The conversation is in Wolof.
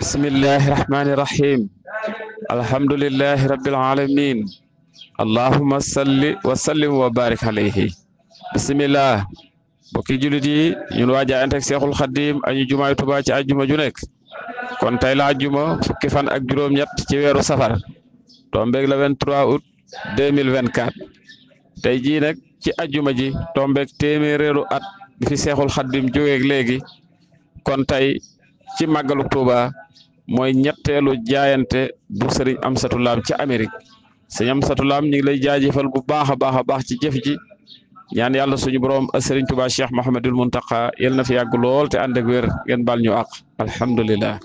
bismillahi rahmani rahim alhamdulillahi rabbil alamin allahumma salli wa sallim wa barik alayhi bismillah bokki julit yi ñun waa jaayanteeg seexul xaddiim añu jumaay Tuubaa ci ajjuma ju nekk kon tey la ajjuma fukki fan ak juróom-ñett ci weeru safar tombeeg la 23 août tey jii nag ci ajjuma ji tombeeg téeméeréeru at bi fi seexul xaddiim jógeeg léegi kon tey ci màggalu Touba mooy ñetteelu jaayante bu sëriñ Amsatu Lam ci Amérique sëriñ Amsatu Lam ñu ngi lay jaajëfal bu baax a baax a baax ci jëf ji ñaan yàlla suñu borom sëriñ Touba Cheikh Mouhamadul Mountakha yal na fi yàgg lool te ànd ak wér baal ñu àq alhamdulilah.